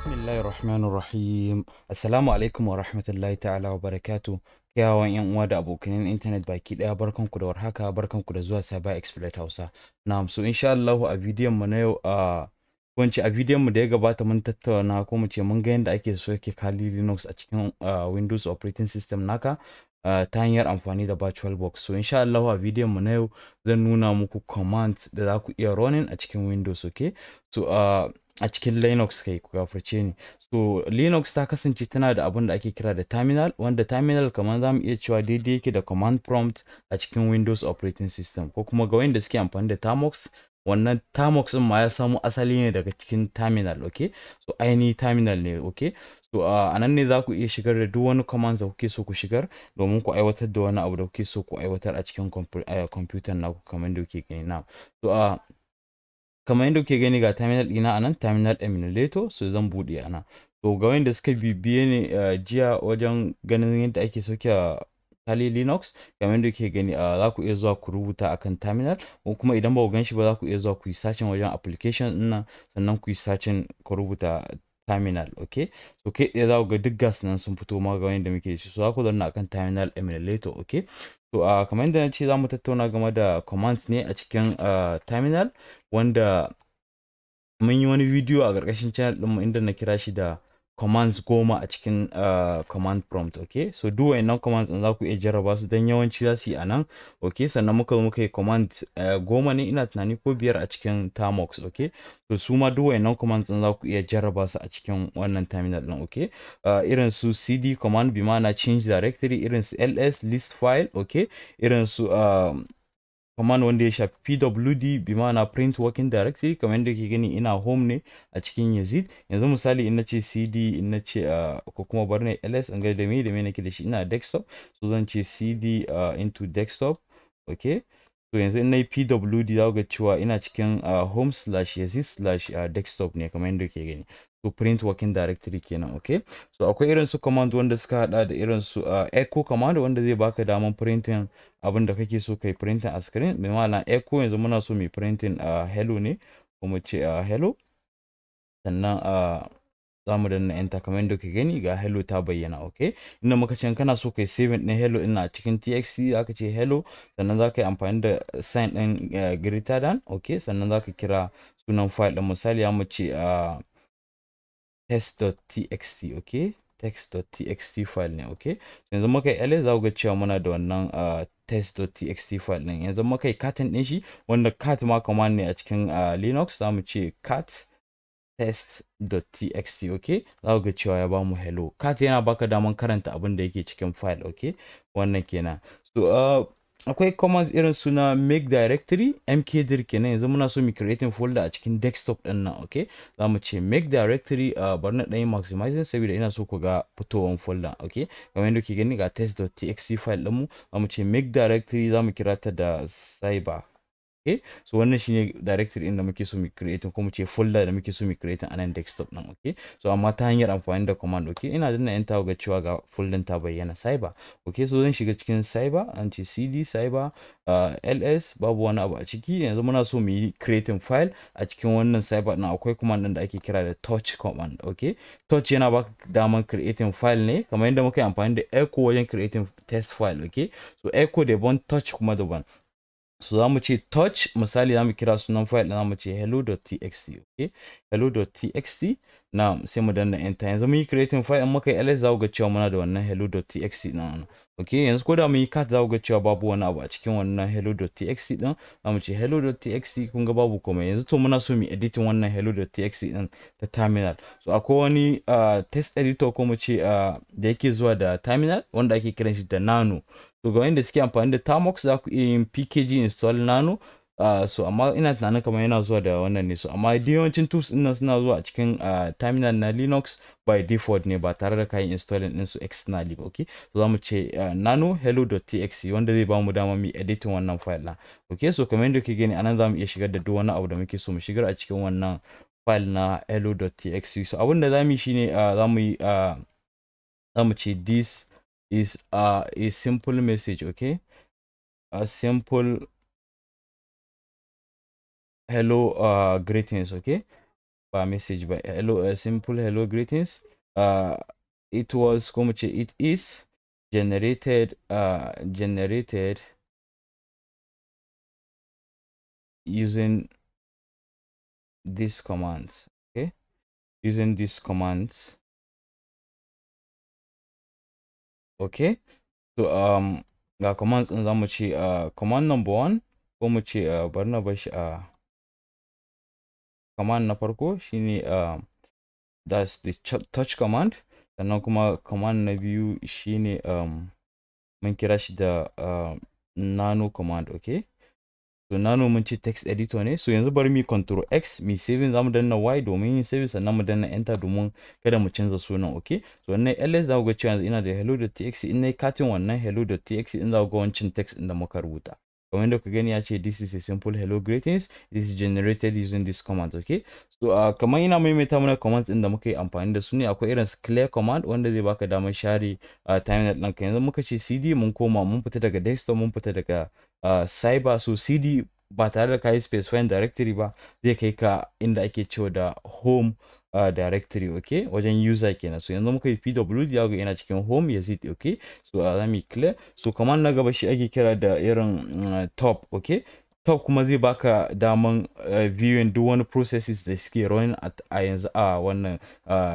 Bismillahir Rahim. Assalamu alaikum wa rahmatullahi ta'ala wa barakatu. Kiyawan yan uwa da abokanan intanet baki daya barkanku da warhaka barkanku da zuwa saba Expert Hausa. Na'am so insha Allah a bidiyon mu na yau a wanci a bidiyon mu da ya gabata mun tattauna ko mu ce mun ga yadda ake so yake kali Linux a cikin Windows operating system naka ta hanyar amfani da virtual box so insha Allah a bidiyon mu na yau zan nuna muku commands da za ku iya running a cikin Windows okay so a cikin linux kai ku gafarce ni so linux ta kasance tana da abun da ake kira da terminal wanda terminal kamar za mu iya cewa daidai yake da command prompt a cikin windows operating system ko kuma ga wanda suke amfani da tamox wannan tamox din ma ya samu asali ne daga cikin terminal okay so ainihin terminal ne okay so a anan ne za ku iya shigar da duk wani command da kuke so ku shigar domin ku aiwatar da wani abu da kuke so ku aiwatar a cikin computer naku kamar da kuke gani na so uh, kamar yadda kuke gani ga terminal ɗina nan terminal emulator so zan buɗe a nan to ga wanda suka bibiye ne eh, jiya wajen ganin yadda ake sauke Kali Linux kamar yadda kuke gani a ah, za ku iya zuwa ku rubuta kan terminal ko kuma idan ba ku gan shi ba za ku iya zuwa ku yi sacin wajen application ɗin sannan ku yi sacin ku rubuta terminal okay so kai tsaye za ku ga duk gas nan sun fito ma ga da muke shi so za ku zanna akan terminal emulator okay To a kamar yadda na ce za mu tattauna game da commands ne a cikin terminal wanda mun yi wani bidiyo a ƙarƙashin channel ɗinmu inda na kira shi da commands goma a cikin uh, command prompt okay so a non commands za ku iya jarraba su don yawanci za su yi a nan sannan muka zo muka yi command uh, goma ne ina tunani ko biyar a cikin tamox okay so su ma a non commands za ku iya jarraba su a cikin wannan terminal din okay uh, irin su cd command bi ma'ana change directory irin su ls list file okay irin su um, command wanda ya shafi pwd bi ma'ana print working directory kamar yadda ke gani ina home ne a cikin yazid yanzu misali in nace cd in nace ah, ko kuma bar ne ls in ga da me da me nake da shi ina desktop so zan ce cd ah, into desktop okay to yanzu in nayi pwd za ga cewa ina cikin ah, home slash yazid slash desktop ne kamar yadda ke gani to print working directory kenan okay so akwai irin su command wanda suka hada da irin su ah, echo command wanda zai baka daman printing abin da kake so kai printing a screen mai ma'ana echo yanzu muna so mai printing a ah, hello ne mu ce a ah, hello sannan a za mu danna enter kamar yadda kuke gani ga hello ta bayyana okay inda muka ce kana so kai saving din hello a cikin txt zaka ce hello sannan zaka yi amfani da sign din eh, greater than okay sannan zaka kira sunan file din misali ya mu ce a test.txt ok text.txt file ne ok yanzu muka yi za ga cewa muna da wannan ah, test.txt file ɗin yanzu muka yi katin ɗin shi wanda cat ma command ne a cikin ah, linux za mu ce cat test.txt ok za ga cewa ya bamu hello cat yana baka daman karanta abin da yake cikin file ok wannan kenan so ah, akwai commands irin suna make directory mkdir kenan yanzu muna so mu creating folder a cikin desktop din nan okay za mu ce make directory a uh, na dan maximizing saboda ina so ku ga fitowan folder okay kamar yadda kuke gani ga test.txt file din mu za mu ce make directory za mu kira ta da cyber okay eh, so wannan shine directory din da muke so mu create ko mu ce folder da muke so mu a anan desktop din okay so amma ta hanyar amfani da command okay ina danna enter ga cewa ga folder ta bayyana cyber okay so zan shiga cikin cyber an ce cd cyber uh, ls babu wani abu a ciki yanzu muna so mu yi creating file a cikin wannan cyber din akwai command din da ake kira da touch command okay touch yana baka daman creating file ne kamar yanda muka amfani da echo wajen creating test file okay so echo bon touch kuma daban so za mu ce touch misali za mu kira sunan file ɗin za mu ce hello.txt ok hello.txt na sai mu danna enter yanzu mun yi creating file in muka yi ls za ku ga cewa muna da wannan hello.txt na nan ok yanzu ko da mun yi cat za ku ga cewa babu wani abu a cikin wannan hello.txt ɗin za mu ce hello.txt kun ga babu komai yanzu to muna so mu editing wannan hello.txt ɗin ta terminal so akwai wani uh, test editor ko mu ce uh, da yake zuwa da terminal wanda ake kiran shi da nano to ga wanda suke amfani da tamox za ku iya yin pkg install nano Uh, ah, so amma ina tunanin kamar yana zuwa da wannan ne so amma da yawancin tools din nan suna zuwa a cikin uh, terminal na linux by default ne ba tare da kayan installing din su externally ba okay so zamu ce uh, nano hello.txt wanda zai bamu dama mu editing wannan file na okay so kamar yadda kuke gani anan zamu iya shigar da duk wani abu da muke so mu shigar a cikin wannan file na hello.txt so abin da zamu yi shine uh, zamu yi uh, zamu ce this is a a simple message okay a simple hello uh greetings okay by message by hello a simple hello greetings uh it was much it is generated uh generated using these commands okay using these commands okay so um ga commands din zamu ce uh, command number 1 ko mu ce uh, bari na bar a uh, command na farko shine uh, um, that's the touch command sannan kuma command na biyu shine um, mun kira shi da uh, nano command okay so no mun ce text editor ne so yanzu bari mu control x mu saving zamu danna y domin yin saving sannan mu danna enter domin kada mu canza sunan okay so wannan ls zaku ga cewa ina da hello.txt in nay katin wannan hello.txt in zamu ga wancan text din da muka rubuta kamar yadda ku gani ya ce this is a simple hello greetings this is generated using this command okay so uh, kamar ina maimaita mana command commands da muka yi amfani da su ne akwai irin clear command wanda zai baka damar share uh, timeline ka yanzu muka ce cd mun koma mun fita daga desktop mun fita daga uh, cyber so cd ba tare da kayi specifying directory ba zai kai ka inda ake cewa da home uh, directory okay wajen user kenan so yanzu muka yi pwd ya ga yana cikin home yazid okay so let me clear so command na gaba shi ake kira da irin uh, top okay top kuma zai baka daman uh, viewing duk wani processes da suke running at a yanzu a wannan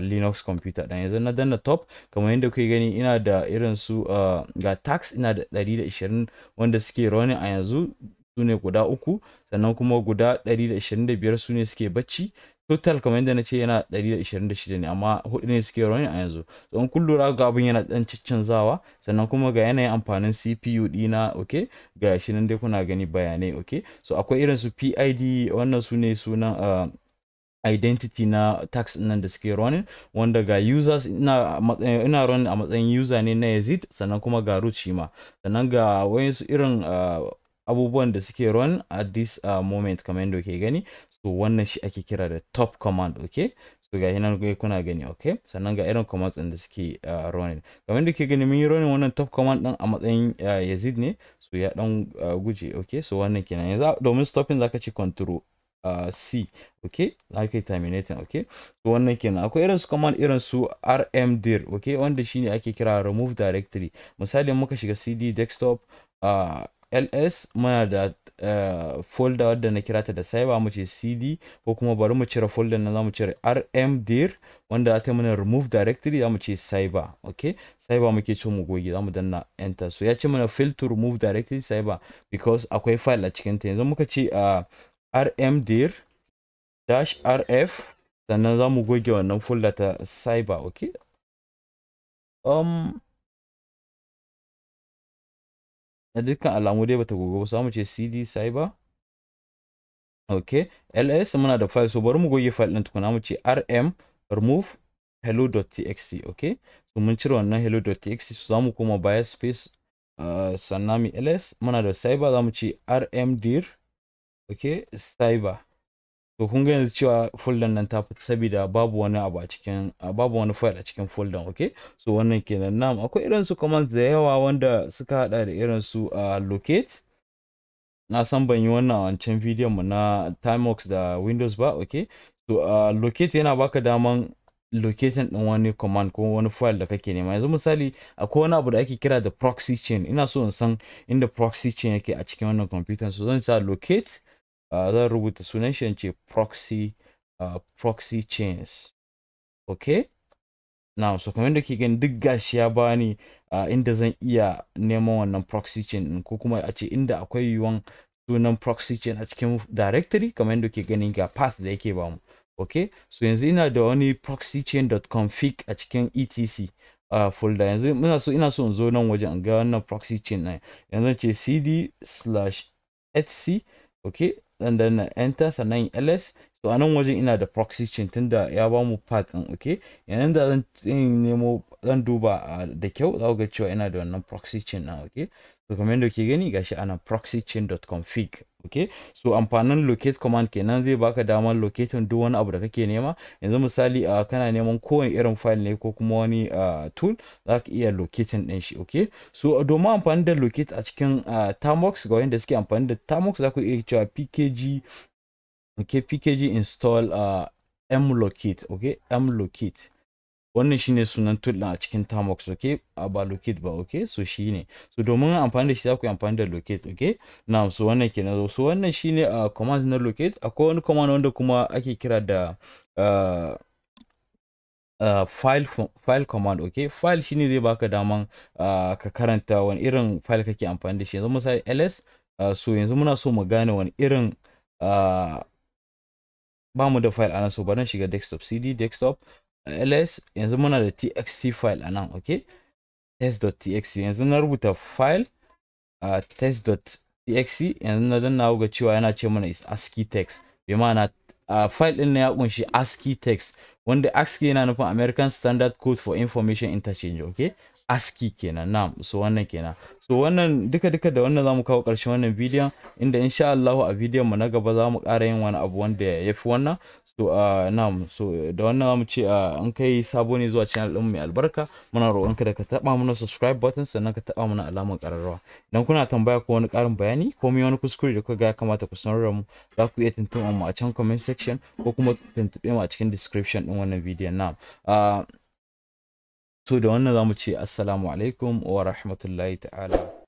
linux computer dan yanzu na danna top kamar yadda kuke gani ina da irin su uh, ga tax ina da 120 wanda suke running a yanzu su ne guda uku sannan kuma guda 125 su ne suke bacci total kamar yadda na ce yana 126 ne amma hudu ne suke rauni a yanzu don kun lura ga abin yana dan zawa sannan kuma ga yanayin amfanin CPU dina ok ga shi nan dai kuna gani bayanai okay so akwai irin su PID wannan su ne sunan ah, identity na tax nan da suke running wanda ga users ina run a matsayin user ne na Yazid sannan kuma ga root shi ma sannan ga wayansu irin ah, abubuwan da suke run at this ah, moment kamar yadda ke gani so wannan shi ake kira da top command okay so ga nan kuna gani okay sannan ga irin commands din da suke uh, running kamar da ke gani mun yi running wannan top command din a matsayin uh, yazid ne so ya dan uh, guje okay so wannan kenan yanzu domin stopping zaka ci control Uh, C, okay? Like terminating, okay? So wannan kenan akwai irin su command irin su rmdir, okay? Wanda shine ake kira remove directory. Misali muka shiga cd desktop uh, ls muna da uh, folder wadda na kira ta da cyber mu ce cd ko kuma bari mu cire folder na zamu cire rmdir wanda ta mana remove directory zamu ce cyber ok cyber muke ce mu goge zamu danna enter so ya ce mana fail to remove directory cyber because akwai file a cikin ta yanzu muka ce uh, eh, rmdir dash rf sannan zamu goge wannan folder ta cyber ok. um na dukkan alamu dai bata gogo ba za mu ce cd cyber ok ls muna da file so bari mu goge file din tukuna mu ce rm remove hello.txt ok so mun cire wannan hello.txt so za mu koma bias space uh, ah, sannan ls muna da cyber za mu ce dir, ok cyber to kun ga yanzu cewa folder nan ta fita saboda babu wani abu a cikin babu wani file a cikin folder okay so wannan kenan nam akwai irin su commands da yawa wanda suka hada da irin su uh, locate na san ban yi wannan wancan bidiyon mu na timeworks da windows ba okay so uh, locate yana baka daman location din wani command ko wani file da kake nema yanzu misali akwai wani abu da ake kira da proxy chain ina so in san inda proxy chain yake a cikin wannan computer so zan sa locate zan rubuta sunan shi ce proxy proxy chains okay now so kamar yadda ke gani duk gashi ya bani inda zan iya neman wannan proxy chain din ko kuma a ce inda akwai yiwuwan sunan proxy chain a cikin directory kamar yadda ke gani ga path da yake bamu okay so yanzu ina da wani proxychain.config a cikin etc uh, folder yanzu ina so ina so in zo nan wajen ga wannan proxy chain ɗin yanzu ce cd slash etc okay dan danna enter sannan ls so a nan wajen ina da proxy chain tunda ya bamu mu path din okay yanzu da zan nemo zan duba da kyau za ku ga cewa ina da wannan proxy chain na okay so kamar yadda kuke gani gashi ana proxy chain.config okay so amfanin locate command kenan zai baka damar locating duk wani abu da kake nema yanzu misali uh, kana neman kowane irin file ne ko kuma wani uh, tool za ka iya locating din shi okay so domin amfani da locate a cikin uh, tamox ga wanda suke amfani da tamox za ku iya cewa pkg okay pkg install uh, mlocate okay mlocate wannan shine sunan tool din a cikin tamox ok a ba locate ba okay so shine so domin amfani da shi za ku yi amfani da locate okay na so wannan kenan so wannan shine a ah, command na locate akwai wani command wanda kuma ake kira da Uh, file, file command okay file shine zai baka daman uh, ka karanta wani irin file kake amfani da shi yanzu misali ls uh, so yanzu muna so mu gane wani irin uh, ba mu da file ana so bari shiga desktop cd desktop ls yanzu muna da txt file anan nan ok test.txt yanzu na rubuta file uh, test.txt yanzu na danna ga cewa yana ce mana is ascii text bi ma'ana uh, file din ya kunshi ascii text wanda ascii yana nufin american standard code for information interchange ok aski kenan na so wannan kenan so wannan duka duka da wannan zamu kawo ƙarshen wannan bidiyon inda insha Allah a bidiyon mu na gaba zamu ƙara yin wani abu wanda ya fi wannan so uh, ah, na so da wannan zamu ce an ah, kai sabo ne zuwa channel din mu mai albarka muna roƙon ka da ka taba mana subscribe button sannan ka taba mana alamar ƙararrawa idan kuna tambaya ko wani ƙarin bayani ko mai wani kuskure da kuka ga ya kamata ku sanar mu za ku iya tuntuɓa mu a can comment section ko kuma tuntuɓe mu a cikin description din wannan bidiyon a to da wannan mu ce assalamu alaikum wa rahmatullahi ta'ala